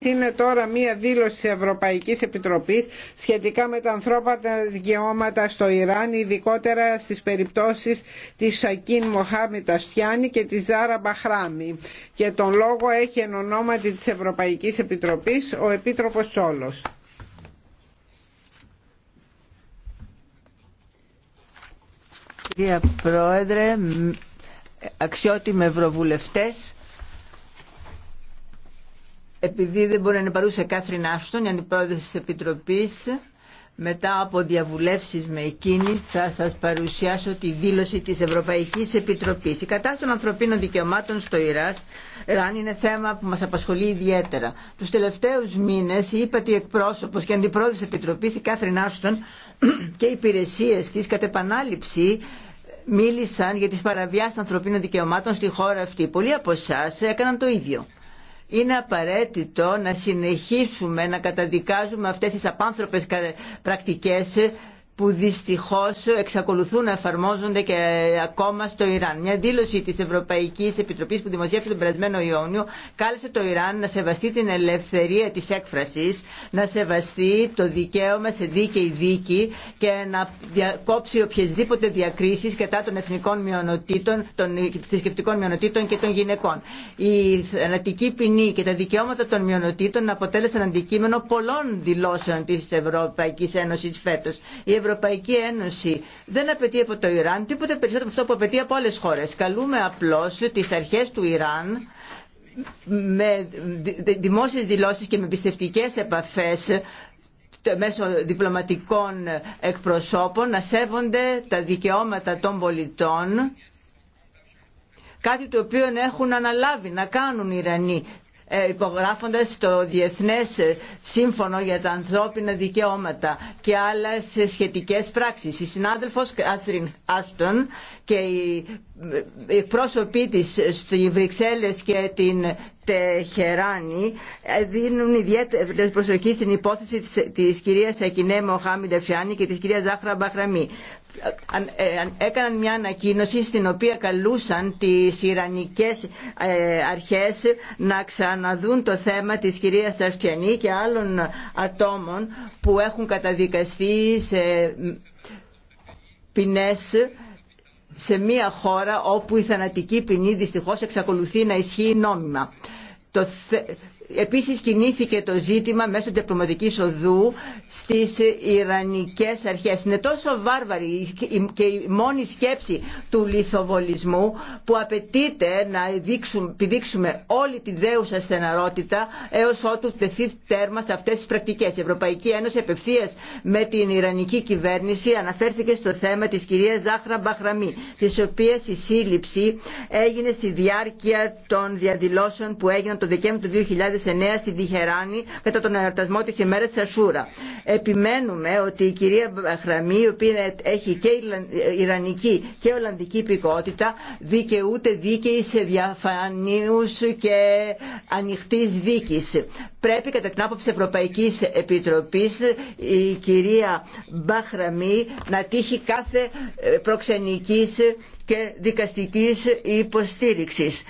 Είναι τώρα μία δήλωση της Ευρωπαϊκής Επιτροπής σχετικά με τα ανθρώπινα δικαιώματα στο Ιράν, ειδικότερα στις περιπτώσεις της Σακίν Μοχάμι Ταστιάνη και της Ζάρα Μπαχράμι. Και τον λόγο έχει εν ονόματι της Ευρωπαϊκής Επιτροπής ο Επίτροπος Τσόλος. Κυρία Πρόεδρε, αξιότιμοι ευρωβουλευτές, επειδή δεν μπορεί να είναι παρούσα Κάθριν Άστον, η αντιπρόεδρος της Επιτροπής, μετά από διαβουλεύσεις με εκείνη θα σας παρουσιάσω τη δήλωση της Ευρωπαϊκής Επιτροπής. Η κατάσταση των ανθρωπίνων δικαιωμάτων στο Ιράς, Ιράν είναι θέμα που μας απασχολεί ιδιαίτερα. Τους τελευταίους μήνες η ύπατη εκπρόσωπος και αντιπρόεδρος της Επιτροπής, η Κάθριν Άστον και οι υπηρεσίες της κατ' επανάληψη μίλησαν για τις παραβιάσεις ανθρωπίνων δικαιωμάτων στη χώρα αυτή. Πολλοί από εσά έκαναν το ίδιο είναι απαραίτητο να συνεχίσουμε να καταδικάζουμε αυτές τις απάνθρωπες πρακτικές που δυστυχώς εξακολουθούν να εφαρμόζονται και ακόμα στο Ιράν. Μια δήλωση της Ευρωπαϊκής Επιτροπής που δημοσιεύσε τον περασμένο Ιόνιο κάλεσε το Ιράν να σεβαστεί την ελευθερία της έκφρασης, να σεβαστεί το δικαίωμα σε δίκαιη δίκη και να διακόψει οποιασδήποτε διακρίσεις κατά των εθνικών μειονοτήτων, των θρησκευτικών μειονοτήτων και των γυναικών. Η θανατική ποινή και τα δικαιώματα των μειονοτήτων αποτέλεσαν αντικείμενο πολλών δηλώσεων της Ευρωπαϊκής Ένωσης φέτος. Ευρωπαϊκή Ένωση. Δεν απαιτεί από το Ιράν τίποτα περισσότερο από αυτό που απαιτεί από άλλες χώρες. Καλούμε απλώς τις αρχές του Ιράν με δημόσιες δηλώσεις και με πιστευτικές επαφές μέσω διπλωματικών εκπροσώπων να σέβονται τα δικαιώματα των πολιτών κάτι το οποίο έχουν αναλάβει να κάνουν οι Ιρανοί ε, υπογράφοντας το Διεθνές Σύμφωνο για τα Ανθρώπινα Δικαιώματα και άλλες σχετικές πράξεις. Η συνάδελφος Κάθριν Άστον και οι ε, πρόσωποι της στη Βρυξέλλες και την Τεχεράνη ε, δίνουν ιδιαίτερη προσοχή στην υπόθεση της, της κυρίας Ακινέ Μοχάμι Ντεφιάνη και της κυρίας Ζάχρα Μπαχραμή ε, έκαναν μια ανακοίνωση στην οποία καλούσαν τις Ιρανικές ε, αρχές να ξαναδούν το θέμα της κυρίας Ταυτιανή και άλλων ατόμων που έχουν καταδικαστεί σε ποινές σε μια χώρα όπου η θανατική ποινή δυστυχώς εξακολουθεί να ισχύει νόμιμα. Το Επίσης κινήθηκε το ζήτημα μέσω διπλωματικής οδού στις Ιρανικές αρχές. Είναι τόσο βάρβαρη και η μόνη σκέψη του λιθοβολισμού που απαιτείται να επιδείξουμε όλη τη δέουσα στεναρότητα έως ότου τεθεί τέρμα σε αυτές τις πρακτικές. Η Ευρωπαϊκή Ένωση απευθεία με την Ιρανική κυβέρνηση αναφέρθηκε στο θέμα της κυρίας Ζάχρα Μπαχραμή, της οποίας η σύλληψη έγινε στη διάρκεια των διαδηλώσεων που έγιναν το Δεκέμβριο του 2000 στη Διχεράνη κατά τον εορτασμό της ημέρας της Ασούρα. Επιμένουμε ότι η κυρία Χραμή, η οποία έχει και Ιρανική και Ολλανδική υπηκότητα, δικαιούται δίκαιη σε διαφανείους και ανοιχτής δίκης. Πρέπει κατά την άποψη Ευρωπαϊκής Επιτροπής η κυρία Μπαχραμή να τύχει κάθε προξενικής και δικαστικής υποστήριξης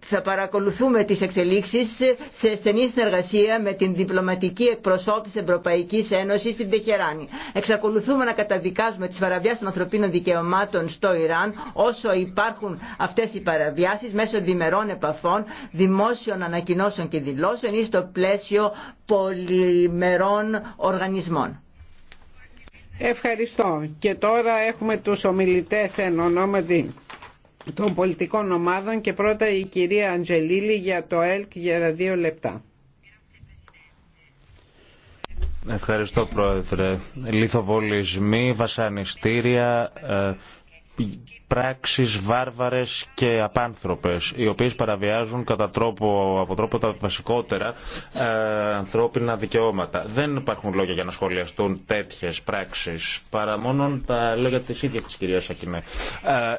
θα παρακολουθούμε τις εξελίξεις σε στενή συνεργασία με την διπλωματική εκπροσώπηση Ευρωπαϊκής Ένωσης στην Τεχεράνη. Εξακολουθούμε να καταδικάζουμε τις παραβιάσεις των ανθρωπίνων δικαιωμάτων στο Ιράν όσο υπάρχουν αυτές οι παραβιάσεις μέσω διμερών επαφών, δημόσιων ανακοινώσεων και δηλώσεων ή στο πλαίσιο πολυμερών οργανισμών. Ευχαριστώ. Και τώρα έχουμε τους ομιλητές εν ονόματι των πολιτικών ομάδων και πρώτα η κυρία Αντζελίλη για το ΕΛΚ για δύο λεπτά. Ευχαριστώ Πρόεδρε. Λίθοβολισμοί, βασανιστήρια, ε, πράξεις βάρβαρες και απάνθρωπες, οι οποίες παραβιάζουν κατά τρόπο, από τρόπο τα βασικότερα ε, ανθρώπινα δικαιώματα. Δεν υπάρχουν λόγια για να σχολιαστούν τέτοιες πράξεις, παρά μόνο τα λόγια τη ίδια της κυρία Ακινέ.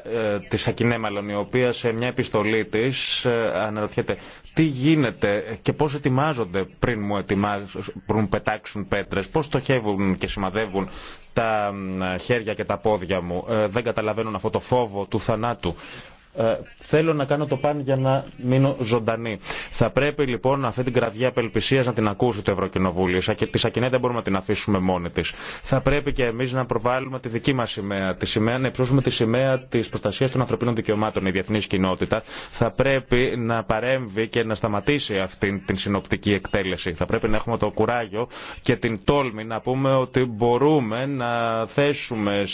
Ε, ε, της Ακινέ μάλλον, η οποία σε μια επιστολή της ε, αναρωτιέται τι γίνεται και πώς ετοιμάζονται πριν μου πριν πετάξουν πέτρες, πώς στοχεύουν και σημαδεύουν τα χέρια και τα πόδια μου. Ε, δεν καταλαβαίνουν αυτό το φόβο φόβο του θανάτου ε, θέλω να κάνω το παν για να μείνω ζωντανή. Θα πρέπει λοιπόν αυτή την κραυγή απελπισία να την ακούσει το Ευρωκοινοβούλιο. Τη Σακινέ δεν μπορούμε να την αφήσουμε μόνη τη. Θα πρέπει και εμεί να προβάλλουμε τη δική μα σημαία, τη σημαία, να υψώσουμε τη σημαία τη προστασία των ανθρωπίνων δικαιωμάτων. Η διεθνή κοινότητα θα πρέπει να παρέμβει και να σταματήσει αυτή την συνοπτική εκτέλεση. Θα πρέπει να έχουμε το κουράγιο και την τόλμη να πούμε ότι μπορούμε να θέσουμε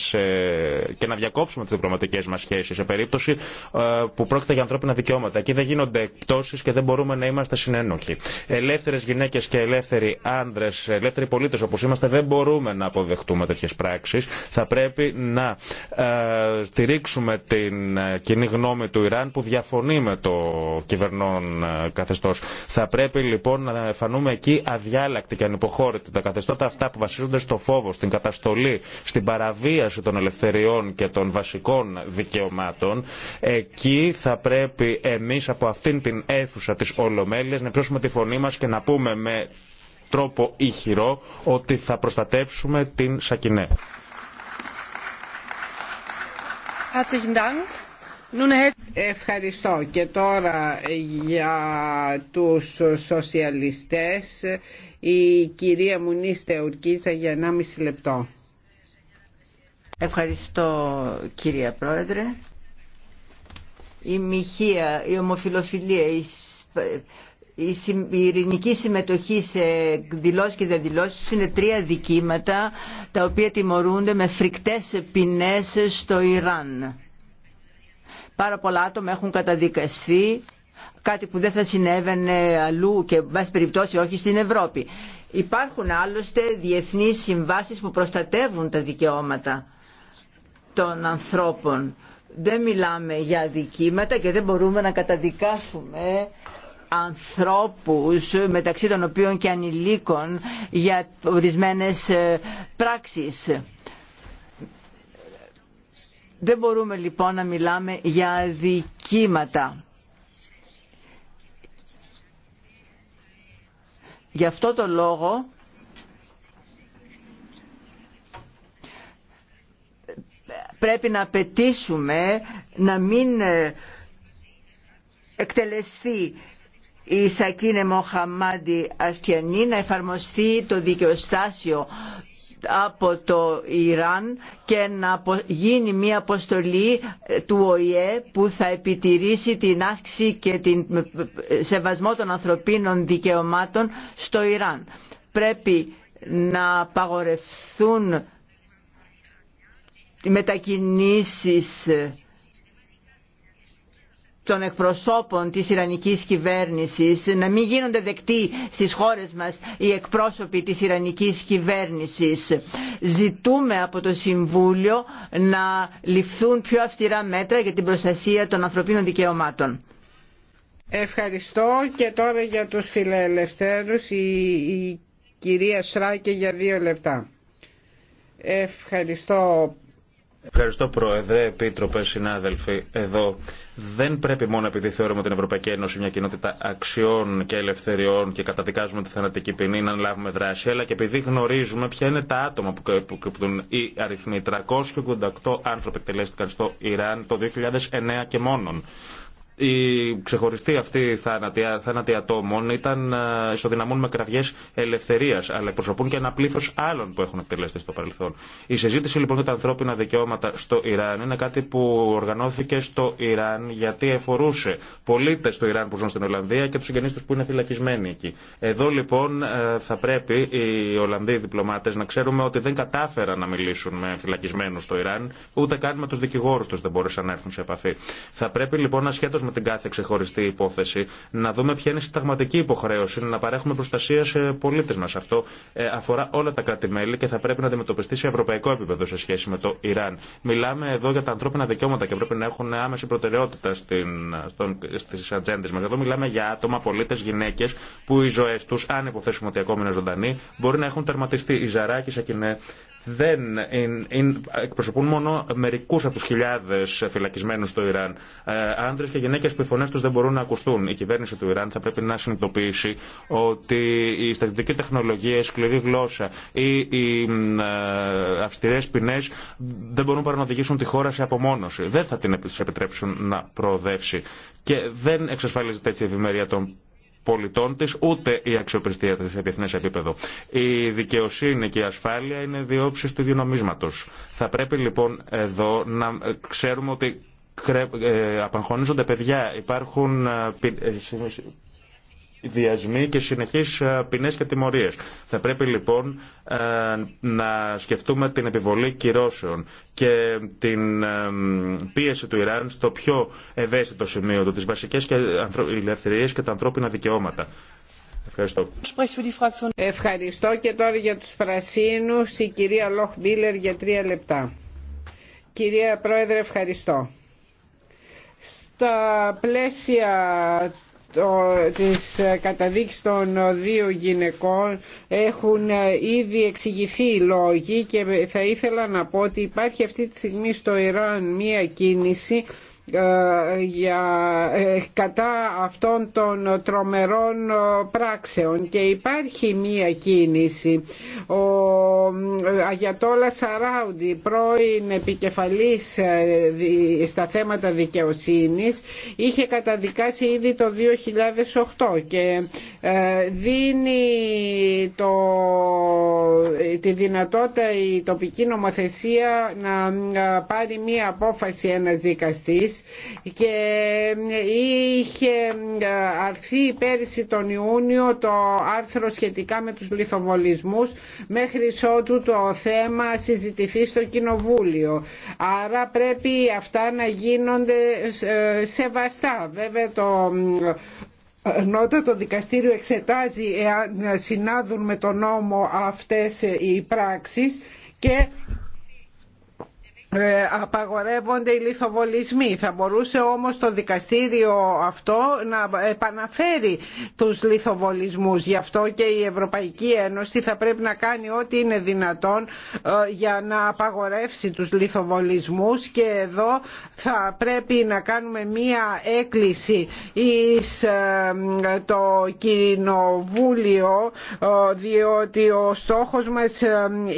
και να διακόψουμε τι διπλωματικέ μα σχέσει σε περίπτωση ε, που πρόκειται για ανθρώπινα δικαιώματα. Εκεί δεν γίνονται εκπτώσει και δεν μπορούμε να είμαστε συνένοχοι. Ελεύθερε γυναίκε και ελεύθεροι άντρε, ελεύθεροι πολίτε όπω είμαστε, δεν μπορούμε να αποδεχτούμε τέτοιε πράξει. Θα πρέπει να ε, στηρίξουμε την ε, κοινή γνώμη του Ιράν που διαφωνεί με το κυβερνών καθεστώ. Θα πρέπει λοιπόν να φανούμε εκεί αδιάλακτοι και ανυποχώρητοι. Τα καθεστώτα αυτά που βασίζονται στο φόβο, στην καταστολή, στην παραβίαση των ελευθεριών και των βασικών δικαιωμάτων, εκεί θα πρέπει εμείς από αυτήν την αίθουσα της Ολομέλειας να πιώσουμε τη φωνή μας και να πούμε με τρόπο ηχηρό ότι θα προστατεύσουμε την Σακινέ. Ευχαριστώ και τώρα για τους σοσιαλιστές η κυρία Μουνίστε Ουρκίζα για 1,5 λεπτό. Ευχαριστώ κυρία Πρόεδρε η μοιχεία, η ομοφιλοφιλία, η, η, ειρηνική συμμετοχή σε δηλώσει και διαδηλώσει είναι τρία δικήματα τα οποία τιμωρούνται με φρικτές ποινέ στο Ιράν. Πάρα πολλά άτομα έχουν καταδικαστεί, κάτι που δεν θα συνέβαινε αλλού και βάση περιπτώσει όχι στην Ευρώπη. Υπάρχουν άλλωστε διεθνείς συμβάσεις που προστατεύουν τα δικαιώματα των ανθρώπων δεν μιλάμε για αδικήματα και δεν μπορούμε να καταδικάσουμε ανθρώπους μεταξύ των οποίων και ανηλίκων για ορισμένες ε, πράξεις. Δεν μπορούμε λοιπόν να μιλάμε για αδικήματα. Γι' αυτό το λόγο πρέπει να απαιτήσουμε να μην ε, εκτελεστεί η Σακίνε Μοχαμάντι Αστιανή να εφαρμοστεί το δικαιοστάσιο από το Ιράν και να γίνει μια αποστολή ε, του ΟΗΕ που θα επιτηρήσει την άσκηση και την ε, σεβασμό των ανθρωπίνων δικαιωμάτων στο Ιράν. Πρέπει να απαγορευθούν μετακινήσεις ε, των εκπροσώπων της Ιρανικής κυβέρνησης, να μην γίνονται δεκτοί στις χώρες μας οι εκπρόσωποι της Ιρανικής κυβέρνησης. Ζητούμε από το Συμβούλιο να ληφθούν πιο αυστηρά μέτρα για την προστασία των ανθρωπίνων δικαιωμάτων. Ευχαριστώ και τώρα για τους φιλελευθέρους η, η κυρία Σράκη για δύο λεπτά. Ευχαριστώ Ευχαριστώ Πρόεδρε, Επίτροπε, συνάδελφοι. Εδώ δεν πρέπει μόνο επειδή θεωρούμε την Ευρωπαϊκή Ένωση μια κοινότητα αξιών και ελευθεριών και καταδικάζουμε τη θανατική ποινή να λάβουμε δράση, αλλά και επειδή γνωρίζουμε ποια είναι τα άτομα που κρυπτούν οι αριθμοί. 388 άνθρωποι εκτελέστηκαν στο Ιράν το 2009 και μόνον. Η ξεχωριστή αυτή θάνατη ατόμων ήταν ε, ισοδυναμούν με κραυγέ ελευθερία, αλλά εκπροσωπούν και ένα πλήθο άλλων που έχουν εκτελέσει στο παρελθόν. Η συζήτηση λοιπόν για τα ανθρώπινα δικαιώματα στο Ιράν είναι κάτι που οργανώθηκε στο Ιράν γιατί εφορούσε πολίτε του Ιράν που ζουν στην Ολλανδία και του συγγενεί του που είναι φυλακισμένοι εκεί. Εδώ λοιπόν ε, θα πρέπει οι Ολλανδοί διπλωμάτε να ξέρουμε ότι δεν κατάφεραν να μιλήσουν με φυλακισμένου στο Ιράν, ούτε καν με του δικηγόρου του δεν μπόρεσαν να έρθουν σε επαφή. Θα πρέπει λοιπόν ασχέτω με την κάθε ξεχωριστή υπόθεση, να δούμε ποια είναι η συνταγματική υποχρέωση, να παρέχουμε προστασία σε πολίτε μα. Αυτό ε, αφορά όλα τα κράτη-μέλη και θα πρέπει να αντιμετωπιστεί σε ευρωπαϊκό επίπεδο σε σχέση με το Ιράν. Μιλάμε εδώ για τα ανθρώπινα δικαιώματα και πρέπει να έχουν άμεση προτεραιότητα στι ατζέντε μα. Εδώ μιλάμε για άτομα, πολίτε, γυναίκε που οι ζωέ του, αν υποθέσουμε ότι ακόμη είναι ζωντανοί, μπορεί να έχουν τερματιστεί. Η Ζαράκη δεν εκπροσωπούν μόνο μερικού από του χιλιάδε φυλακισμένου στο Ιράν. Ε, Άνδρε και γυναίκε που οι φωνέ του δεν μπορούν να ακουστούν. Η κυβέρνηση του Ιράν θα πρέπει να συνειδητοποιήσει ότι η στατιστική τεχνολογία, η σκληρή γλώσσα ή οι ε, αυστηρέ ποινέ δεν μπορούν παρά να οδηγήσουν τη χώρα σε απομόνωση. Δεν θα την επιτρέψουν να προοδεύσει. Και δεν εξασφαλίζεται έτσι η ευημερία των πολιτών ούτε η αξιοπιστία τη σε διεθνέ επίπεδο. Η δικαιοσύνη και η ασφάλεια είναι διόψει του νομίσματο. Θα πρέπει λοιπόν εδώ να ξέρουμε ότι ε, απαγχωνίζονται παιδιά, υπάρχουν ε, ε, βιασμοί και συνεχείς ε, ποινές και τιμωρίες. Θα πρέπει λοιπόν ε, να σκεφτούμε την επιβολή κυρώσεων και την ε, πίεση του Ιράν στο πιο ευαίσθητο σημείο του, τις βασικές ελευθερίες και τα ανθρώπινα δικαιώματα. Ευχαριστώ. Ευχαριστώ και τώρα για τους πρασίνους η κυρία Λόχ Μπίλερ για τρία λεπτά. Κυρία Πρόεδρε, ευχαριστώ. Στα πλαίσια της ε, καταδίκης των ε, δύο γυναικών έχουν ε, ήδη εξηγηθεί οι λόγοι και θα ήθελα να πω ότι υπάρχει αυτή τη στιγμή στο Ιράν μία κίνηση ε, για, ε, κατά αυτών των τρομερών ε, πράξεων και υπάρχει μία κίνηση ο Αγιατόλα Σαράουντι πρώην επικεφαλής στα θέματα δικαιοσύνης είχε καταδικάσει ήδη το 2008 και ε, δίνει το, τη δυνατότητα η τοπική νομοθεσία να ε, πάρει μία απόφαση ένας δικαστής και ε, είχε αρθεί πέρυσι τον Ιούνιο το άρθρο σχετικά με τους λιθοβολισμούς μέχρι ότου το θέμα συζητηθεί στο Κοινοβούλιο. Άρα πρέπει αυτά να γίνονται σεβαστά. Βέβαια το Νότα το δικαστήριο εξετάζει εάν συνάδουν με τον νόμο αυτές οι πράξεις και ε, απαγορεύονται οι λιθοβολισμοί. Θα μπορούσε όμως το δικαστήριο αυτό να επαναφέρει τους λιθοβολισμούς. Γι' αυτό και η Ευρωπαϊκή Ένωση θα πρέπει να κάνει ό,τι είναι δυνατόν ε, για να απαγορεύσει τους λιθοβολισμούς και εδώ θα πρέπει να κάνουμε μία έκκληση εις ε, το Κοινοβούλιο διότι ο στόχος μας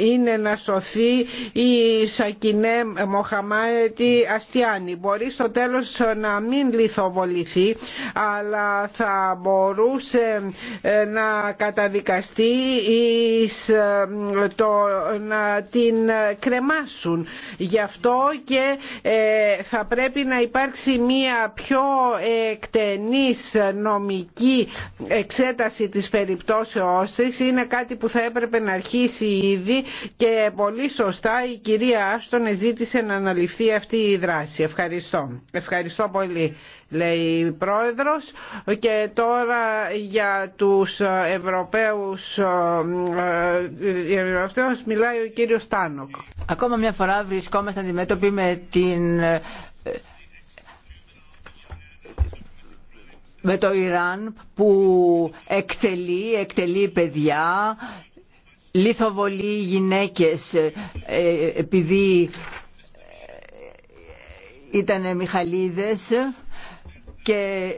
είναι να σωθεί η σακινέ Μοχαμάτι Αστιάνη. Μπορεί στο τέλος να μην λιθοβοληθεί αλλά θα μπορούσε ε, να καταδικαστεί ε, το να την ε, κρεμάσουν. Γι' αυτό και θα πρέπει να υπάρξει μία πιο εκτενής νομική εξέταση της περιπτώσεώς της. Είναι κάτι που θα έπρεπε να αρχίσει ήδη και πολύ σωστά η κυρία Άστον ζήτησε ζήτησε να αναλυφθεί αυτή η δράση. Ευχαριστώ. Ευχαριστώ πολύ λέει η Πρόεδρος και τώρα για τους Ευρωπαίους ε, ε, Ευρωπαίους μιλάει ο κύριος Τάνοκ. Ακόμα μια φορά βρισκόμαστε αντιμέτωποι με την ε, με το Ιράν που εκτελεί, εκτελεί παιδιά, λιθοβολεί γυναίκες επειδή ήταν Μιχαλίδες και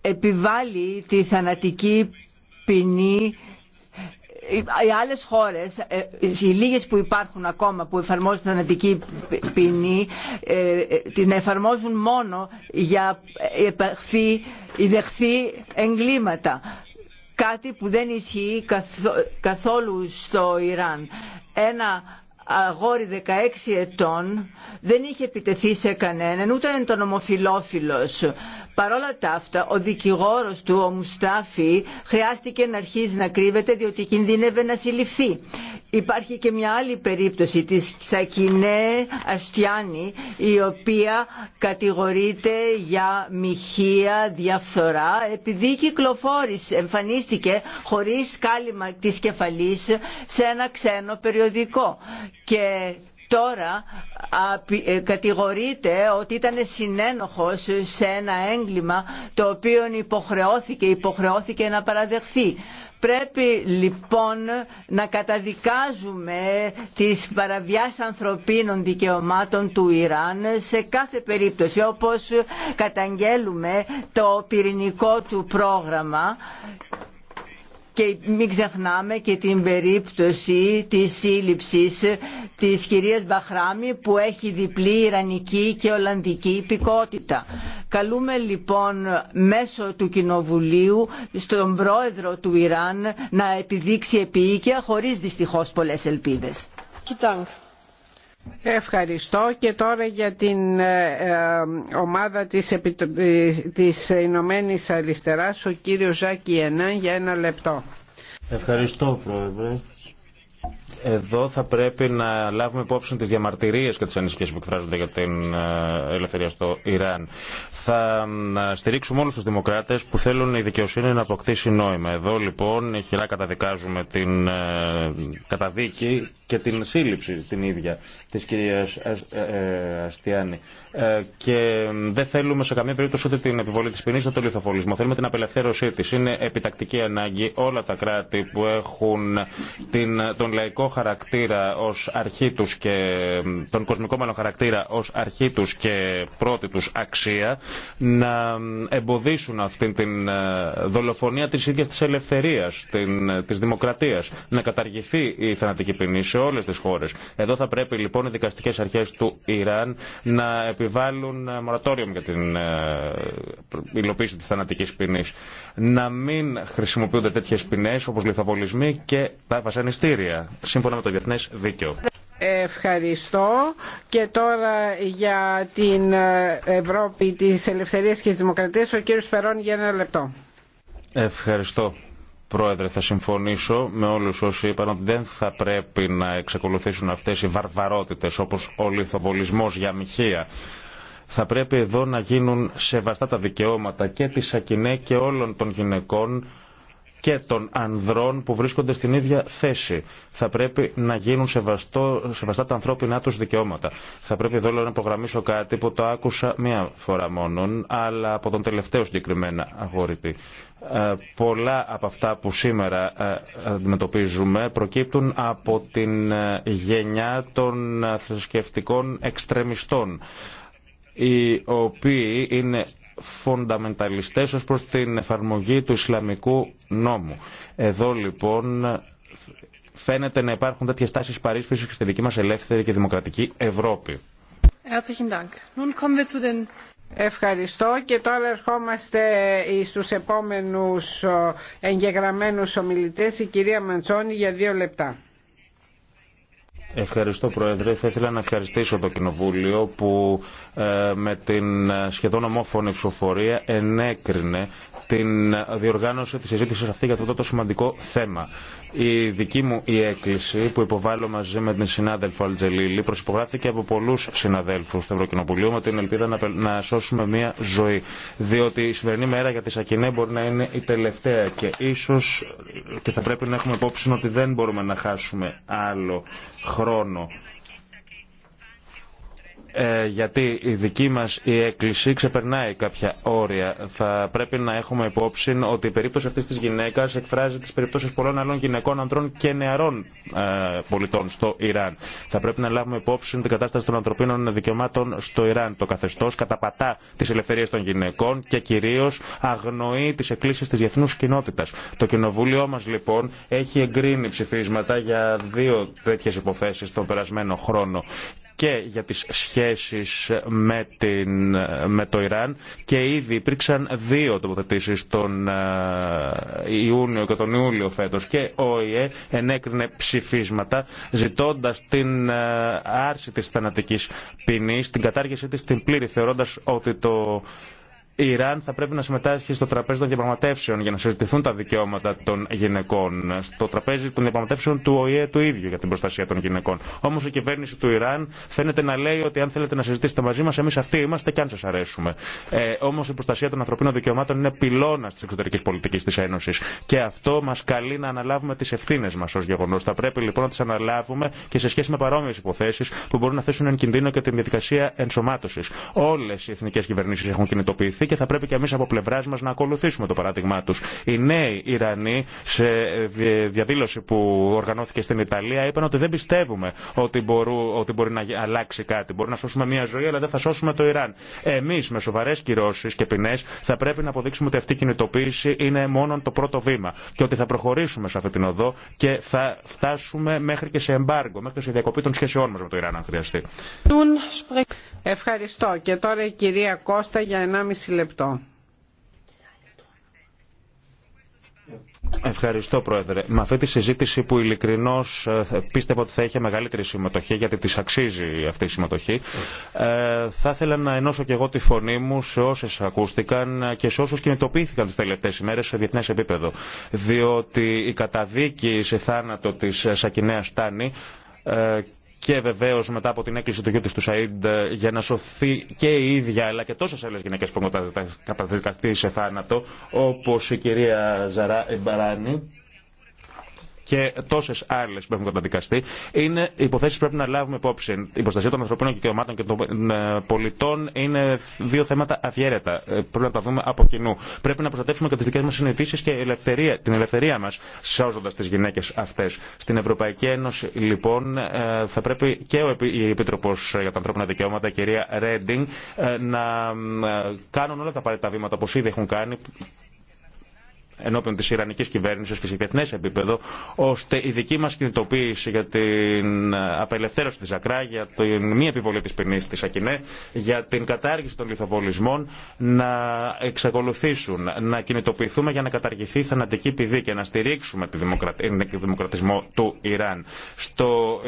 επιβάλλει τη θανατική ποινή οι άλλες χώρες, ε, οι λίγες που υπάρχουν ακόμα που εφαρμόζουν θανατική ποινή, ε, την εφαρμόζουν μόνο για δεχθεί εγκλήματα. Κάτι που δεν ισχύει καθόλου στο Ιράν. Ένα αγόρι 16 ετών δεν είχε επιτεθεί σε κανέναν ούτε εν τον ομοφιλόφιλος. Παρόλα τα αυτά ο δικηγόρος του ο Μουστάφη χρειάστηκε να αρχίζει να κρύβεται διότι κινδύνευε να συλληφθεί. Υπάρχει και μια άλλη περίπτωση της Ξακινέ Αστιάνη η οποία κατηγορείται για μοιχεία διαφθορά επειδή κυκλοφόρησε, εμφανίστηκε χωρίς κάλυμα της κεφαλής σε ένα ξένο περιοδικό και τώρα ε, κατηγορείται ότι ήταν συνένοχος σε ένα έγκλημα το οποίο υποχρεώθηκε, υποχρεώθηκε να παραδεχθεί. Πρέπει λοιπόν να καταδικάζουμε τις παραβιάς ανθρωπίνων δικαιωμάτων του Ιράν σε κάθε περίπτωση όπως καταγγέλουμε το πυρηνικό του πρόγραμμα και μην ξεχνάμε και την περίπτωση της σύλληψης της κυρίας Μπαχράμι που έχει διπλή Ιρανική και Ολλανδική υπηκότητα. Καλούμε λοιπόν μέσω του Κοινοβουλίου στον πρόεδρο του Ιράν να επιδείξει επίοικια χωρίς δυστυχώς πολλές ελπίδες. Ευχαριστώ και τώρα για την ε, ε, ομάδα της, Επιτρο... της Ηνωμένης Αριστεράς ο κύριος Ζάκη Ενάν για ένα λεπτό. Ευχαριστώ Πρόεδρε. Εδώ θα πρέπει να λάβουμε υπόψη τι διαμαρτυρίε και τι ανησυχίε που εκφράζονται για την ε, ελευθερία στο Ιράν. Θα ε, στηρίξουμε όλου του δημοκράτε που θέλουν η δικαιοσύνη να αποκτήσει νόημα. Εδώ λοιπόν χειρά καταδικάζουμε την ε, καταδίκη και την σύλληψη την ίδια τη κυρία Αστιάνη. Και δεν θέλουμε σε καμία περίπτωση ούτε την επιβολή τη ποινή ούτε τον λιθοφολισμό. Θέλουμε την απελευθέρωσή τη. Είναι επιτακτική ανάγκη όλα τα κράτη που έχουν τον λαϊκό κοσμικό χαρακτήρα ως αρχή τους και τον κοσμικό μάλλον χαρακτήρα ως αρχή του και πρώτη του αξία να εμποδίσουν αυτήν την ε, δολοφονία της ίδια της ελευθερίας, τη ε, της δημοκρατίας να καταργηθεί η θανατική ποινή σε όλες τις χώρες. Εδώ θα πρέπει λοιπόν οι δικαστικές αρχές του Ιράν να επιβάλλουν ε, μορατόριο για την υλοποίηση της θανατικής ποινής. Να μην χρησιμοποιούνται τέτοιε ποινέ όπω λιθοβολισμοί και τα βασανιστήρια σύμφωνα με το διεθνέ δίκαιο. Ευχαριστώ και τώρα για την Ευρώπη τη Ελευθερία και τη δημοκρατία ο κύριο Περών για ένα λεπτό. Ευχαριστώ. Πρόεδρε, θα συμφωνήσω με όλους όσοι είπαν ότι δεν θα πρέπει να εξακολουθήσουν αυτές οι βαρβαρότητες όπως ο λιθοβολισμός για μοιχεία. Θα πρέπει εδώ να γίνουν σεβαστά τα δικαιώματα και της Ακινέ και όλων των γυναικών και των ανδρών που βρίσκονται στην ίδια θέση. Θα πρέπει να γίνουν σεβαστό, σεβαστά τα ανθρώπινά τους δικαιώματα. Θα πρέπει εδώ να προγραμμίσω κάτι που το άκουσα μία φορά μόνον, αλλά από τον τελευταίο συγκεκριμένα αγορητή. Ε, πολλά από αυτά που σήμερα ε, αντιμετωπίζουμε προκύπτουν από την ε, γενιά των θρησκευτικών εξτρεμιστών οι οποίοι είναι φονταμενταλιστές ως προς την εφαρμογή του Ισλαμικού νόμου. Εδώ λοιπόν φαίνεται να υπάρχουν τέτοιε τάσει παρίσφυσης και στη δική μας ελεύθερη και δημοκρατική Ευρώπη. Ευχαριστώ και τώρα ερχόμαστε στου επόμενου ε, εγγεγραμμένου ομιλητέ, η κυρία Μαντσόνη για δύο λεπτά. Ευχαριστώ Πρόεδρε. Θα ήθελα να ευχαριστήσω το Κοινοβούλιο που ε, με την ε, σχεδόν ομόφωνη ψηφοφορία ενέκρινε την διοργάνωση της συζήτησης αυτή για αυτό το τόσο σημαντικό θέμα. Η δική μου η έκκληση που υποβάλλω μαζί με την συνάδελφο Αλτζελίλη προσυπογράφηκε από πολλού συναδέλφου του Ευρωκοινοβουλίου με την ελπίδα να, να σώσουμε μία ζωή. Διότι η σημερινή μέρα για τη Σακινέ μπορεί να είναι η τελευταία και ίσω ε, και θα πρέπει να έχουμε υπόψη ότι δεν μπορούμε να χάσουμε άλλο χρόνο ε, γιατί η δική μας η έκκληση ξεπερνάει κάποια όρια. Θα πρέπει να έχουμε υπόψη ότι η περίπτωση αυτής της γυναίκας εκφράζει τις περιπτώσεις πολλών άλλων γυναικών, ανδρών και νεαρών ε, πολιτών στο Ιράν. Θα πρέπει να λάβουμε υπόψη την κατάσταση των ανθρωπίνων δικαιωμάτων στο Ιράν. Το καθεστώς καταπατά τις ελευθερίες των γυναικών και κυρίως αγνοεί τις εκκλήσεις της διεθνούς κοινότητας. Το κοινοβούλιο μας λοιπόν έχει εγκρίνει ψηφίσματα για δύο τέτοιες υποθέσεις τον περασμένο χρόνο και για τις σχέσεις με, την, με το Ιράν και ήδη υπήρξαν δύο τοποθετήσεις τον ε, Ιούνιο και τον Ιούλιο φέτος και ο ΙΕ ενέκρινε ψηφίσματα ζητώντας την ε, άρση της θανατικής ποινής, την κατάργησή της, την πλήρη θεωρώντας ότι το η Ιράν θα πρέπει να συμμετάσχει στο τραπέζι των διαπραγματεύσεων για να συζητηθούν τα δικαιώματα των γυναικών. Στο τραπέζι των διαπραγματεύσεων του ΟΗΕ του ίδιου για την προστασία των γυναικών. Όμω η κυβέρνηση του Ιράν φαίνεται να λέει ότι αν θέλετε να συζητήσετε μαζί μα, εμεί αυτοί είμαστε και αν σα αρέσουμε. Ε, Όμω η προστασία των ανθρωπίνων δικαιωμάτων είναι πυλώνα τη εξωτερική πολιτική τη Ένωση. Και αυτό μα καλεί να αναλάβουμε τι ευθύνε μα ω γεγονό. Θα πρέπει λοιπόν να τι αναλάβουμε και σε σχέση με παρόμοιε υποθέσει που μπορούν να θέσουν εν κινδύνο και την διαδικασία ενσωμάτωση. Όλε οι εθνικέ κυβερνήσει έχουν κινητοποιηθεί και θα πρέπει και εμεί από πλευρά μα να ακολουθήσουμε το παράδειγμά του. Οι νέοι Ιρανοί σε διαδήλωση που οργανώθηκε στην Ιταλία είπαν ότι δεν πιστεύουμε ότι, μπορού, ότι μπορεί να αλλάξει κάτι. Μπορεί να σώσουμε μια ζωή, αλλά δεν θα σώσουμε το Ιράν. Εμεί με σοβαρέ κυρώσει και ποινέ θα πρέπει να αποδείξουμε ότι αυτή η κινητοποίηση είναι μόνο το πρώτο βήμα και ότι θα προχωρήσουμε σε αυτή την οδό και θα φτάσουμε μέχρι και σε εμπάργκο, μέχρι και σε διακοπή των σχέσεών μα με το Ιράν, αν χρειαστεί. Ευχαριστώ. Και τώρα η κυρία Κώστα για 1,5 λεπτό λεπτό. Ευχαριστώ, Πρόεδρε. Με αυτή τη συζήτηση που ειλικρινώ ε, πίστευα ότι θα είχε μεγαλύτερη συμμετοχή, γιατί τη αξίζει αυτή η συμμετοχή, ε, θα ήθελα να ενώσω και εγώ τη φωνή μου σε όσε ακούστηκαν και σε όσου κινητοποιήθηκαν τι τελευταίε ημέρε σε διεθνέ επίπεδο. Διότι η καταδίκη σε θάνατο τη Σακινέα Τάνη ε, και βεβαίω μετά από την έκκληση του γιού τη του Σαΐντ για να σωθεί και η ίδια αλλά και τόσε άλλε γυναίκε που έχουν καταδικαστεί σε θάνατο, όπω η κυρία Ζαρά Εμπαράνη και τόσε άλλε που έχουν καταδικαστεί, είναι υποθέσει που πρέπει να λάβουμε υπόψη. Η προστασία των ανθρωπίνων δικαιωμάτων και των ε, πολιτών είναι δύο θέματα αδιαίρετα, ε, Πρέπει να τα δούμε από κοινού. Πρέπει να προστατεύσουμε και τι δικέ μα συνειδήσει και ελευθερία, την ελευθερία μα, σώζοντα τι γυναίκε αυτέ. Στην Ευρωπαϊκή Ένωση, λοιπόν, ε, θα πρέπει και ο Επίτροπο για τα Ανθρώπινα Δικαιώματα, η κυρία Ρέντινγκ, να κάνουν όλα τα απαραίτητα βήματα, όπω ήδη έχουν κάνει, ενώπιον τη Ιρανική κυβέρνηση και σε διεθνέ επίπεδο, ώστε η δική μα κινητοποίηση για την απελευθέρωση τη Ακρά, για την μη επιβολή τη ποινή τη Ακινέ, για την κατάργηση των λιθοβολισμών να εξακολουθήσουν, να κινητοποιηθούμε για να καταργηθεί η θανατική πηδή και να στηρίξουμε τη δημοκρατισμό του Ιράν. Στο,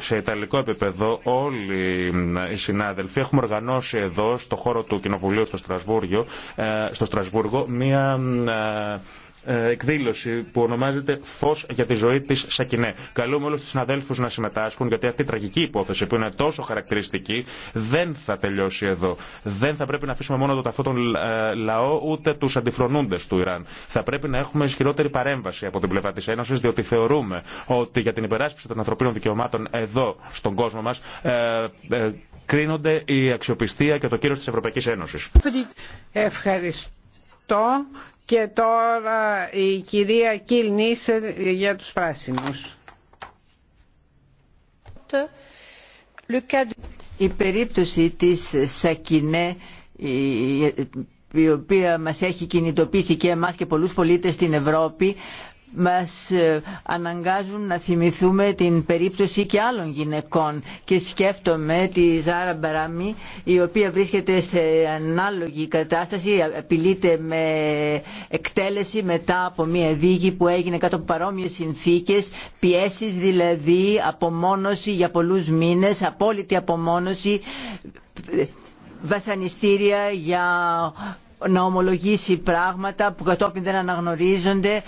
σε ιταλικό επίπεδο, όλοι οι συνάδελφοι έχουμε οργανώσει εδώ, στο χώρο του Κοινοβουλίου στο Στρασβούργο, ε, στο Στρασβούργο μία ε, ε, εκδήλωση που ονομάζεται Φω για τη ζωή τη Σακινέ. Καλούμε όλου του συναδέλφου να συμμετάσχουν γιατί αυτή η τραγική υπόθεση που είναι τόσο χαρακτηριστική δεν θα τελειώσει εδώ. Δεν θα πρέπει να αφήσουμε μόνο το ταφό των ε, λαό ούτε του αντιφρονούντε του Ιράν. Θα πρέπει να έχουμε ισχυρότερη παρέμβαση από την πλευρά τη Ένωση διότι θεωρούμε ότι για την υπεράσπιση των ανθρωπίνων δικαιωμάτων εδώ στον κόσμο μα ε, ε, κρίνονται η αξιοπιστία και το κύριο τη Ευρωπαϊκή Ένωση. Ευχαριστώ. Και τώρα η κυρία Κιλ Νίσερ για τους πράσινους. Η περίπτωση της Σακινέ η οποία μας έχει κινητοποιήσει και εμάς και πολλούς πολίτες στην Ευρώπη μας ε, αναγκάζουν να θυμηθούμε την περίπτωση και άλλων γυναικών και σκέφτομαι τη Ζάρα Μπαράμι η οποία βρίσκεται σε ανάλογη κατάσταση απειλείται με εκτέλεση μετά από μια δίγη που έγινε κάτω από παρόμοιες συνθήκες πιέσεις δηλαδή απομόνωση για πολλούς μήνες απόλυτη απομόνωση βασανιστήρια για να ομολογήσει πράγματα που κατόπιν δεν αναγνωρίζονται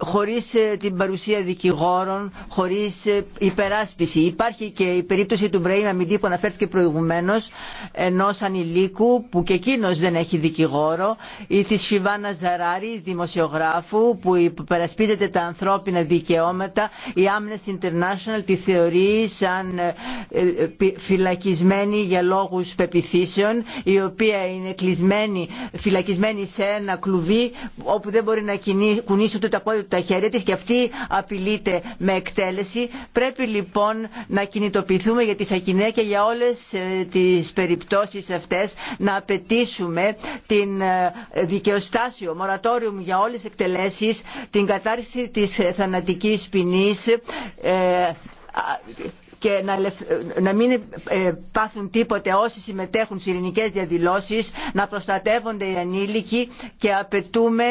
χωρίς ε, την παρουσία δικηγόρων, χωρίς ε, υπεράσπιση. Υπάρχει και η περίπτωση του Μπρέιμ Αμιντή που αναφέρθηκε προηγουμένως, ενός ανηλίκου που και εκείνο δεν έχει δικηγόρο, ή της Σιβάνα Ζαράρη, δημοσιογράφου που υπερασπίζεται τα ανθρώπινα δικαιώματα, η Amnesty International τη θεωρεί σαν ε, φυλακισμένη για λόγους πεπιθήσεων, η οποία είναι κλεισμένη, φυλακισμένη σε ένα κλουβί όπου δεν μπορεί να κουνήσει ούτε τα πόδια τα χέρια και αυτή απειλείται με εκτέλεση. Πρέπει λοιπόν να κινητοποιηθούμε για τη Σακινέα και για όλες ε, τις περιπτώσεις αυτές να απαιτήσουμε την ε, δικαιοστάσιο, μορατόριου για όλες τις εκτελέσεις, την κατάρριξη της θανατικής ποινής, ε, και να μην ε, πάθουν τίποτε όσοι συμμετέχουν σε ειρηνικές διαδηλώσεις, να προστατεύονται οι ανήλικοι και απαιτούμε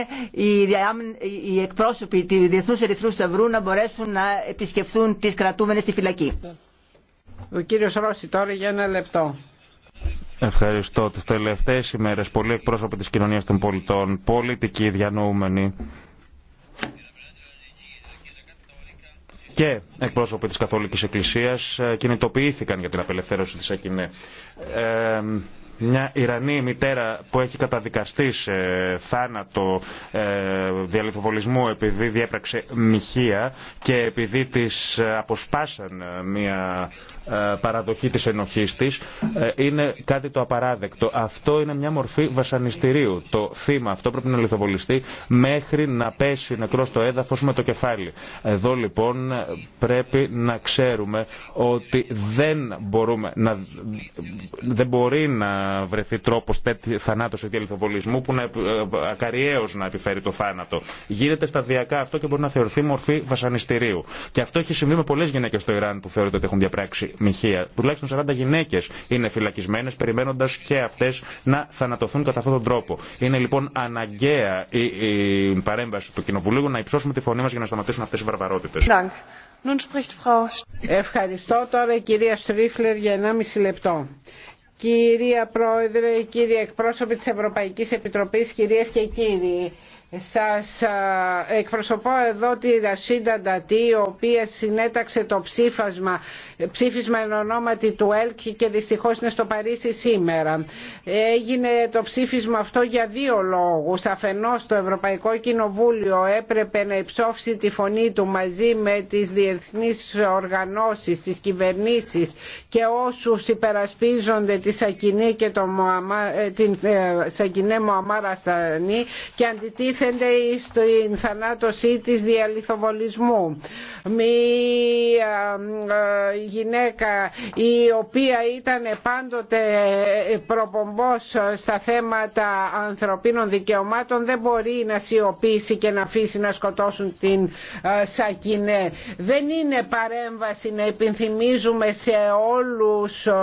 οι εκπρόσωποι του Διεθνούς Ερυθρού Σταυρού να μπορέσουν να επισκεφθούν τις κρατούμενες στη φυλακή. Ο κύριος Ρώση τώρα για ένα λεπτό. Ευχαριστώ. Τις τελευταίες ημέρες πολλοί εκπρόσωποι της κοινωνίας των πολιτών, πολιτικοί διανοούμενοι, και εκπρόσωποι της Καθολικής Εκκλησίας ε, κινητοποιήθηκαν για την απελευθέρωση της Ακινέ. Ε, μια Ιρανή μητέρα που έχει καταδικαστεί σε θάνατο ε, διαλυθοβολισμού επειδή διέπραξε μοιχεία και επειδή της αποσπάσαν ε, μια ε, παραδοχή της ενοχής της ε, είναι κάτι το απαράδεκτο. Αυτό είναι μια μορφή βασανιστηρίου. Το θύμα αυτό πρέπει να λιθοβοληστεί μέχρι να πέσει νεκρό στο έδαφος με το κεφάλι. Εδώ λοιπόν πρέπει να ξέρουμε ότι δεν, μπορούμε να, δεν μπορεί να βρεθεί τρόπος τέτοιου θανάτος και λιθοβολισμού που να, ε, ακαριέως να επιφέρει το θάνατο. Γίνεται σταδιακά αυτό και μπορεί να θεωρηθεί μορφή βασανιστηρίου. Και αυτό έχει συμβεί με πολλές γυναίκες στο Ιράν που θεωρείται ότι έχουν διαπράξει Τουλάχιστον 40 γυναίκε είναι φυλακισμένε, περιμένοντα και αυτέ να θανατωθούν κατά αυτόν τον τρόπο. Είναι λοιπόν αναγκαία η, παρέμβαση του Κοινοβουλίου να υψώσουμε τη φωνή μα για να σταματήσουν αυτέ οι βαρβαρότητε. Ευχαριστώ τώρα η κυρία Στρίφλερ για 1,5 λεπτό. Κυρία Πρόεδρε, κύριε εκπρόσωποι της Ευρωπαϊκής Επιτροπής, κυρίες και κύριοι, σας εκπροσωπώ εδώ τη Ρασίντα Ντατή, η οποία συνέταξε το ψήφασμα, ψήφισμα εν ονόματι του ΕΛΚ και δυστυχώς είναι στο Παρίσι σήμερα. Έγινε το ψήφισμα αυτό για δύο λόγους. Αφενός το Ευρωπαϊκό Κοινοβούλιο έπρεπε να υψώψει τη φωνή του μαζί με τις διεθνείς οργανώσεις, τις κυβερνήσεις και όσους υπερασπίζονται τη Σακινή και το ε, την ε, Σακινέ Μωαμάρα Στανή και αντιτίθεται τίθενται στην θανάτωσή της διαλυθοβολισμού. Μία ε, γυναίκα η οποία ήταν πάντοτε προπομπός στα θέματα ανθρωπίνων δικαιωμάτων δεν μπορεί να σιωπήσει και να αφήσει να σκοτώσουν την ε, Σακινέ. Δεν είναι παρέμβαση να επιθυμίζουμε σε όλους ε,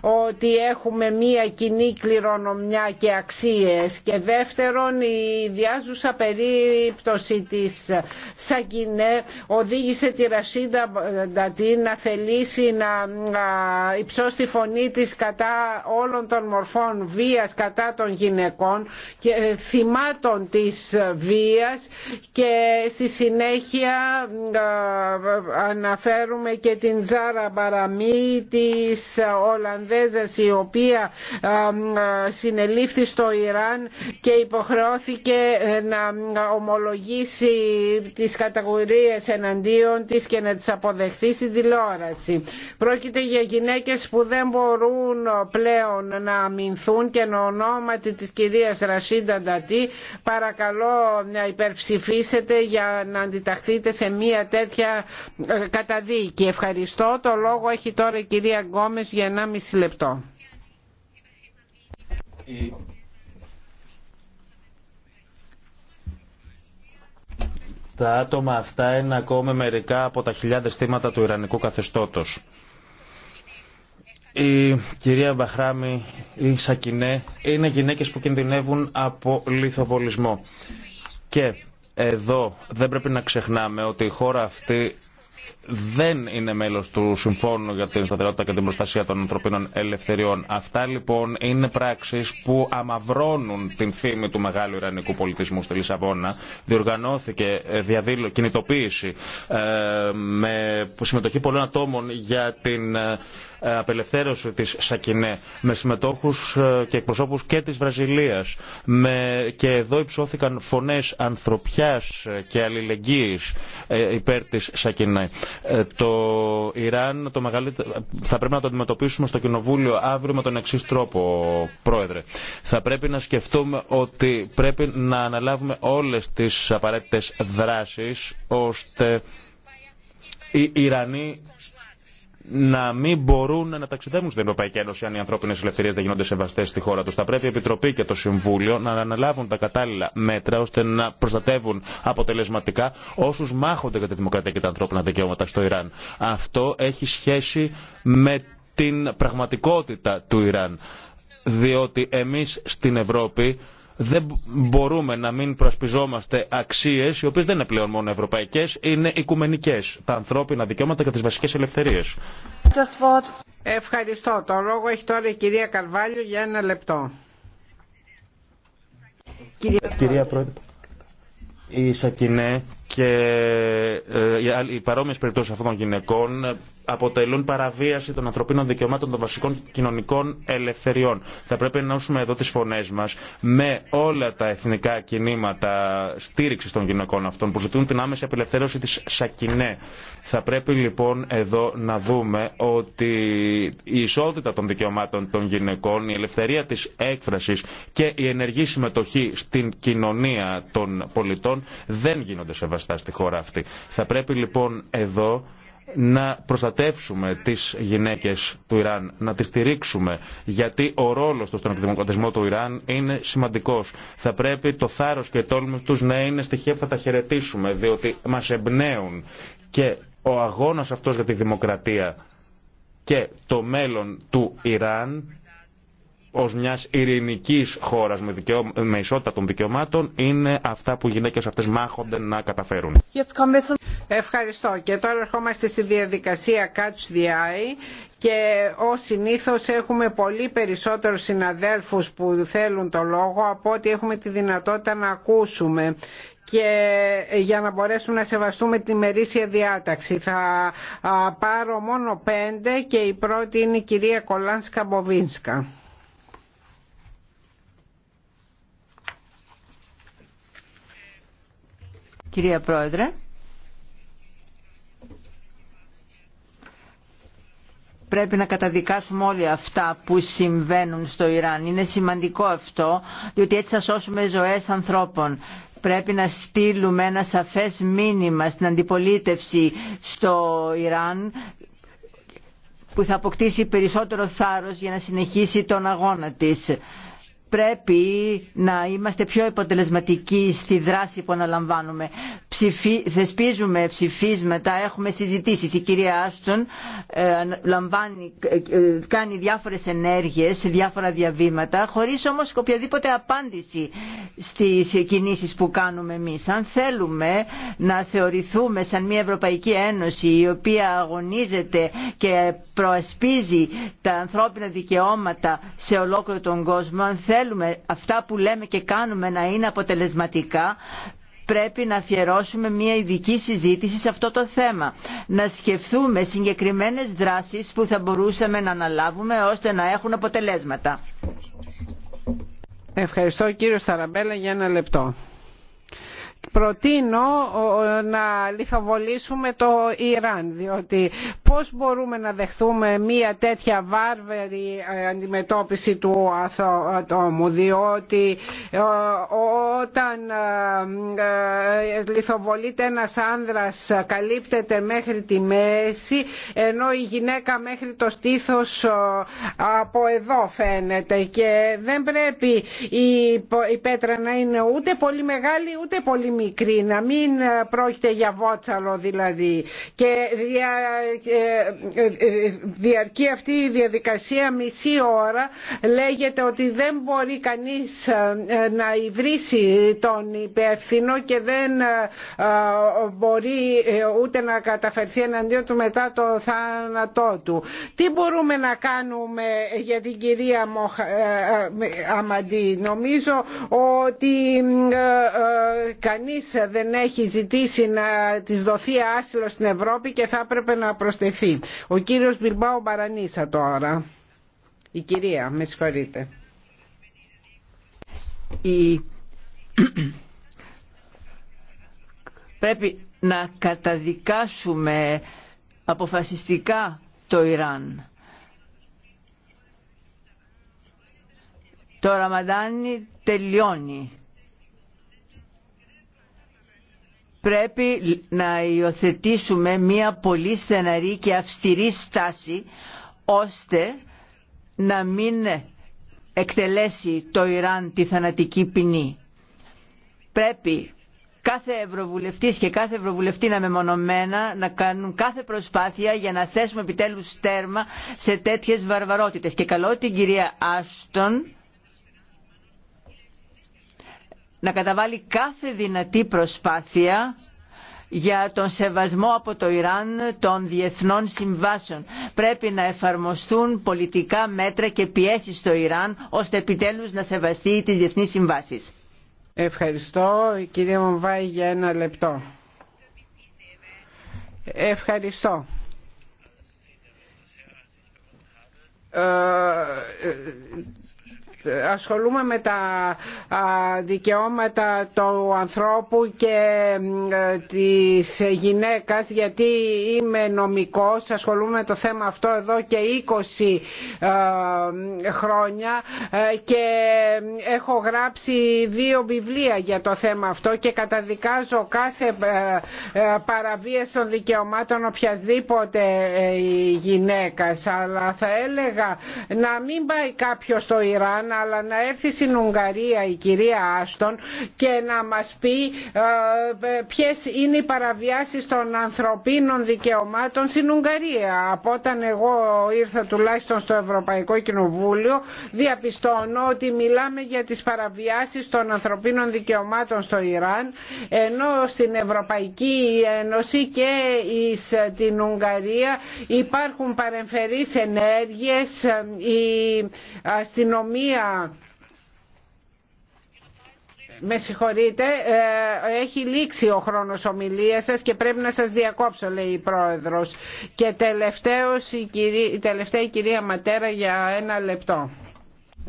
ότι έχουμε μία κοινή κληρονομιά και αξίες και δεύτερον η διάζουσα σε περίπτωση της Σαγκινέ οδήγησε τη Ρασίδα Ντατή να θελήσει να υψώσει τη φωνή της κατά όλων των μορφών βίας κατά των γυναικών και θυμάτων της βίας και στη συνέχεια αναφέρουμε και την Τζάρα Μπαραμή της Ολλανδέζας η οποία συνελήφθη στο Ιράν και υποχρεώθηκε ε, να ομολογήσει τις κατηγορίες εναντίον της και να τις αποδεχθεί στην τηλεόραση. Πρόκειται για γυναίκες που δεν μπορούν πλέον να αμυνθούν και να ονόματι της κυρίας Ρασίντα Ντατή παρακαλώ να υπερψηφίσετε για να αντιταχθείτε σε μια τέτοια ε, καταδίκη. Ευχαριστώ. Το λόγο έχει τώρα η κυρία Γκόμες για 1,5 λεπτό. Τα άτομα αυτά είναι ακόμη μερικά από τα χιλιάδες θύματα του Ιρανικού καθεστώτος. Η κυρία Μπαχράμι, η Σακινέ, είναι γυναίκες που κινδυνεύουν από λιθοβολισμό. Και εδώ δεν πρέπει να ξεχνάμε ότι η χώρα αυτή δεν είναι μέλο του Συμφώνου για την Σταθερότητα και την Προστασία των Ανθρωπίνων Ελευθεριών. Αυτά λοιπόν είναι πράξει που αμαυρώνουν την φήμη του μεγάλου Ιρανικού πολιτισμού στη Λισαβόνα. Διοργανώθηκε ε, διαδήλω, κινητοποίηση ε, με συμμετοχή πολλών ατόμων για την ε, ε, απελευθέρωση της Σακινέ με συμμετόχους ε, και εκπροσώπους και της Βραζιλίας με, και εδώ υψώθηκαν φωνές ανθρωπιάς ε, και αλληλεγγύης υπέρ της Σακινέ. Το Ιράν το μεγαλύτερο, θα πρέπει να το αντιμετωπίσουμε στο Κοινοβούλιο αύριο με τον εξή τρόπο, Πρόεδρε. Θα πρέπει να σκεφτούμε ότι πρέπει να αναλάβουμε όλες τις απαραίτητες δράσεις ώστε οι Ιρανοί να μην μπορούν να ταξιδεύουν στην Ευρωπαϊκή Ένωση αν οι ανθρώπινε ελευθερίε δεν γίνονται σεβαστέ στη χώρα του. Θα πρέπει η Επιτροπή και το Συμβούλιο να αναλάβουν τα κατάλληλα μέτρα ώστε να προστατεύουν αποτελεσματικά όσου μάχονται για τη δημοκρατία και τα ανθρώπινα δικαιώματα στο Ιράν. Αυτό έχει σχέση με την πραγματικότητα του Ιράν. Διότι εμεί στην Ευρώπη δεν μπορούμε να μην προασπιζόμαστε αξίε οι οποίε δεν είναι πλέον μόνο ευρωπαϊκέ, είναι οικουμενικέ. Τα ανθρώπινα δικαιώματα και τι βασικέ ελευθερίε. Ευχαριστώ. Το λόγο έχει τώρα η κυρία Καρβάλιο για ένα λεπτό. Κυρία, κυρία Πρόεδρε, η Σακινέ και ε, οι παρόμοιε περιπτώσει αυτών των γυναικών αποτελούν παραβίαση των ανθρωπίνων δικαιωμάτων των βασικών κοινωνικών ελευθεριών. Θα πρέπει να ενώσουμε εδώ τι φωνέ μα με όλα τα εθνικά κινήματα στήριξη των γυναικών αυτών που ζητούν την άμεση απελευθέρωση τη Σακινέ. Θα πρέπει λοιπόν εδώ να δούμε ότι η ισότητα των δικαιωμάτων των γυναικών, η ελευθερία τη έκφραση και η ενεργή συμμετοχή στην κοινωνία των πολιτών δεν γίνονται σεβαστοί στη αυτή. Θα πρέπει λοιπόν εδώ να προστατεύσουμε τις γυναίκες του Ιράν, να τις στηρίξουμε, γιατί ο ρόλος του στον εκδημοκρατισμό του Ιράν είναι σημαντικός. Θα πρέπει το θάρρος και το τόλμη τους να είναι στοιχεία που θα τα χαιρετήσουμε, διότι μας εμπνέουν και ο αγώνας αυτός για τη δημοκρατία και το μέλλον του Ιράν ως μιας ειρηνικής χώρας με, δικαιω... με ισότητα των δικαιωμάτων είναι αυτά που οι γυναίκες αυτές μάχονται να καταφέρουν. Ευχαριστώ. Και τώρα ερχόμαστε στη διαδικασία Catch the Eye και ως συνήθως έχουμε πολύ περισσότερους συναδέλφους που θέλουν το λόγο από ότι έχουμε τη δυνατότητα να ακούσουμε και για να μπορέσουμε να σεβαστούμε τη μερίσια διάταξη. Θα πάρω μόνο πέντε και η πρώτη είναι η κυρία Κολάνσκα Μποβίνσκα. Κυρία Πρόεδρε, πρέπει να καταδικάσουμε όλοι αυτά που συμβαίνουν στο Ιράν. Είναι σημαντικό αυτό, διότι έτσι θα σώσουμε ζωές ανθρώπων. Πρέπει να στείλουμε ένα σαφές μήνυμα στην αντιπολίτευση στο Ιράν που θα αποκτήσει περισσότερο θάρρος για να συνεχίσει τον αγώνα της πρέπει να είμαστε πιο αποτελεσματικοί στη δράση που αναλαμβάνουμε. Ψηφι... Θεσπίζουμε ψηφίσματα, έχουμε συζητήσει Η κυρία Άστον ε, λαμβάνει, ε, ε, κάνει διάφορες ενέργειες, διάφορα διαβήματα, χωρί όμω οποιαδήποτε απάντηση στι κινήσει που κάνουμε εμεί. Αν θέλουμε να θεωρηθούμε σαν μια Ευρωπαϊκή Ένωση η οποία αγωνίζεται και προασπίζει τα ανθρώπινα δικαιώματα σε ολόκληρο τον κόσμο, αν θέλουμε θέλουμε αυτά που λέμε και κάνουμε να είναι αποτελεσματικά, πρέπει να αφιερώσουμε μια ειδική συζήτηση σε αυτό το θέμα. Να σκεφτούμε συγκεκριμένες δράσεις που θα μπορούσαμε να αναλάβουμε ώστε να έχουν αποτελέσματα. Ευχαριστώ κύριο Σταραμπέλα για ένα λεπτό προτείνω να λιθοβολήσουμε το Ιράν διότι πώς μπορούμε να δεχθούμε μια τέτοια βάρβερη ε, αντιμετώπιση του ατόμου διότι όταν ε, ε, λιθοβολείται ένας άνδρας καλύπτεται μέχρι τη μέση ενώ η γυναίκα μέχρι το στήθος από εδώ φαίνεται και δεν πρέπει η πέτρα να είναι ούτε πολύ μεγάλη ούτε πολύ μικρή μικρή, να μην ε, πρόκειται για βότσαλο δηλαδή. Και ε, ε, διαρκεί αυτή η διαδικασία μισή ώρα. Λέγεται ότι δεν μπορεί κανείς να υβρίσει τον υπεύθυνο και δεν μπορεί ούτε να καταφερθεί εναντίον του μετά το θάνατό του. Τι μπορούμε να κάνουμε για την κυρία Αμαντή. Νομίζω ότι κανείς δεν έχει ζητήσει να της δοθεί άσυλο στην Ευρώπη και θα έπρεπε να προσθεθεί. Ο κύριος Μπιλμπάου Μπαρανίσα τώρα. Η κυρία, με συγχωρείτε. Πρέπει να καταδικάσουμε αποφασιστικά το Ιράν. Το Ραμαντάνι τελειώνει. πρέπει να υιοθετήσουμε μία πολύ στεναρή και αυστηρή στάση ώστε να μην εκτελέσει το Ιράν τη θανατική ποινή. Πρέπει κάθε ευρωβουλευτής και κάθε ευρωβουλευτή να μεμονωμένα να κάνουν κάθε προσπάθεια για να θέσουμε επιτέλους τέρμα σε τέτοιες βαρβαρότητες. Και καλώ την κυρία Άστον να καταβάλει κάθε δυνατή προσπάθεια για τον σεβασμό από το Ιράν των διεθνών συμβάσεων. Πρέπει να εφαρμοστούν πολιτικά μέτρα και πιέσεις στο Ιράν ώστε επιτέλους να σεβαστεί τις διεθνείς συμβάσεις. Ευχαριστώ. Η κυρία για ένα λεπτό. Ευχαριστώ. Ε, ασχολούμαι με τα δικαιώματα του ανθρώπου και ε, της γυναίκας γιατί είμαι νομικός, ασχολούμαι με το θέμα αυτό εδώ και 20 ε, χρόνια ε, και έχω γράψει δύο βιβλία για το θέμα αυτό και καταδικάζω κάθε παραβίαση των δικαιωμάτων οποιασδήποτε γυναίκας αλλά θα έλεγα να μην πάει κάποιος στο Ιράν αλλά να έρθει στην Ουγγαρία η κυρία Άστον και να μας πει ε, ποιες είναι οι παραβιάσεις των ανθρωπίνων δικαιωμάτων στην Ουγγαρία. Από όταν εγώ ήρθα τουλάχιστον στο Ευρωπαϊκό Κοινοβούλιο διαπιστώνω ότι μιλάμε για τις παραβιάσεις των ανθρωπίνων δικαιωμάτων στο Ιράν ενώ στην Ευρωπαϊκή Ένωση και στην Ουγγαρία υπάρχουν παρεμφερείς ενέργειες ε, η αστυνομία με συγχωρείτε, ε, έχει λήξει ο χρόνος ομιλίας σας και πρέπει να σας διακόψω, λέει η Πρόεδρος. Και τελευταίος, η, τελευταία η κυρία Ματέρα για ένα λεπτό.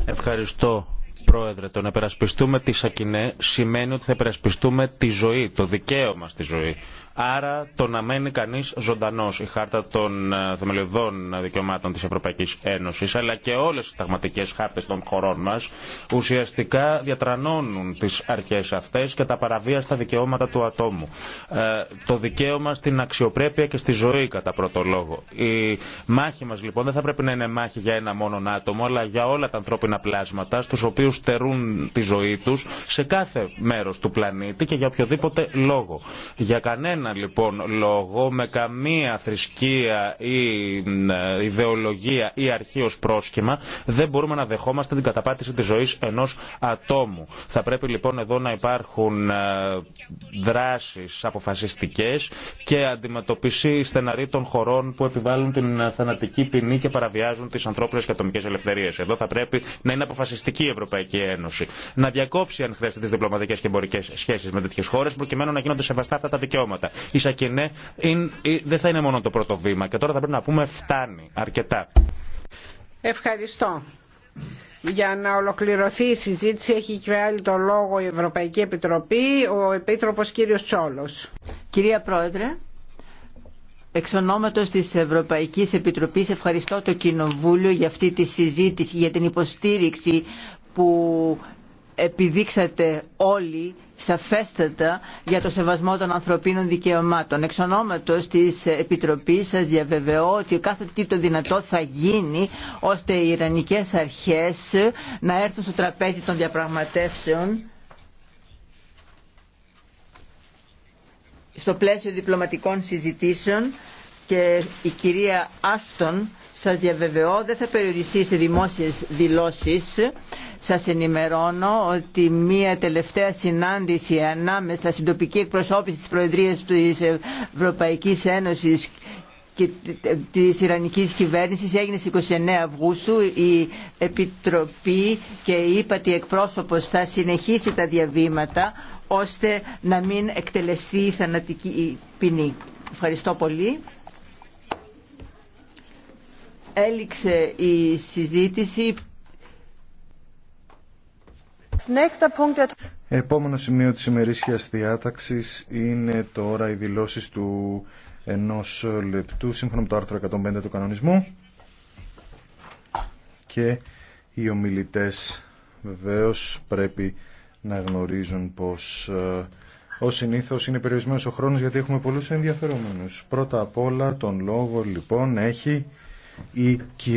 Ευχαριστώ. Πρόεδρε, το να περασπιστούμε τη Σακινέ σημαίνει ότι θα περασπιστούμε τη ζωή, το δικαίωμα στη ζωή. Άρα το να μένει κανεί ζωντανό η Χάρτα των ε, Θεμελιωδών Δικαιωμάτων τη Ευρωπαϊκή Ένωση αλλά και όλε τι ταγματικέ χάρτε των χωρών μα ουσιαστικά διατρανώνουν τι αρχέ αυτέ και τα παραβία στα δικαιώματα του ατόμου. Ε, το δικαίωμα στην αξιοπρέπεια και στη ζωή κατά πρώτο λόγο. Η μάχη μα λοιπόν δεν θα πρέπει να είναι μάχη για ένα μόνο άτομο αλλά για όλα τα ανθρώπινα πλάσματα στου οποίου στερούν τη ζωή του σε κάθε μέρο του πλανήτη και για οποιοδήποτε λόγο. Για κανένα κανένα λοιπόν λόγο, με καμία θρησκεία ή ιδεολογία ή αρχή ως πρόσχημα, δεν μπορούμε να δεχόμαστε την καταπάτηση της ζωής ενός ατόμου. Θα πρέπει λοιπόν εδώ να υπάρχουν ε, δράσεις αποφασιστικές και αντιμετωπίση στεναρή των χωρών που επιβάλλουν την ε, θανατική ποινή και παραβιάζουν τις ανθρώπινες και ατομικές ελευθερίες. Εδώ θα πρέπει να είναι αποφασιστική η Ευρωπαϊκή Ένωση. Να διακόψει αν χρειάζεται τις διπλωματικές και εμπορικές σχέσεις με τέτοιες χώρες προκειμένου να γίνονται σεβαστά αυτά τα δικαιώματα. Η Σακινέ ναι, ε, δεν θα είναι μόνο το πρώτο βήμα και τώρα θα πρέπει να πούμε φτάνει αρκετά. Ευχαριστώ. Για να ολοκληρωθεί η συζήτηση έχει και άλλη το λόγο η Ευρωπαϊκή Επιτροπή, ο Επίτροπος κύριος Τσόλος. Κυρία Πρόεδρε, Εξ ονόματος της Ευρωπαϊκής Επιτροπής ευχαριστώ το Κοινοβούλιο για αυτή τη συζήτηση, για την υποστήριξη που επιδείξατε όλοι σαφέστατα για το σεβασμό των ανθρωπίνων δικαιωμάτων. Εξ ονόματος της Επιτροπής σας διαβεβαιώ ότι κάθε τι το δυνατό θα γίνει ώστε οι Ιρανικές αρχές να έρθουν στο τραπέζι των διαπραγματεύσεων στο πλαίσιο διπλωματικών συζητήσεων και η κυρία Άστον σας διαβεβαιώ δεν θα περιοριστεί σε δημόσιες δηλώσεις σας ενημερώνω ότι μία τελευταία συνάντηση ανάμεσα στην τοπική εκπροσώπηση της Προεδρίας της Ευρωπαϊκής Ένωσης και της Ιρανικής κυβέρνησης έγινε στις 29 Αυγούστου η Επιτροπή και η ύπατη εκπρόσωπος θα συνεχίσει τα διαβήματα ώστε να μην εκτελεστεί η θανατική ποινή. Ευχαριστώ πολύ. Έληξε η συζήτηση. Επόμενο σημείο της ημερήσιας διάταξης είναι τώρα οι δηλώσεις του ενός λεπτού σύμφωνα με το άρθρο 105 του κανονισμού και οι ομιλητές βεβαίως πρέπει να γνωρίζουν πως ε, ως συνήθως είναι περιορισμένος ο χρόνος γιατί έχουμε πολλούς ενδιαφερόμενους. Πρώτα απ' όλα τον λόγο λοιπόν έχει η κυρία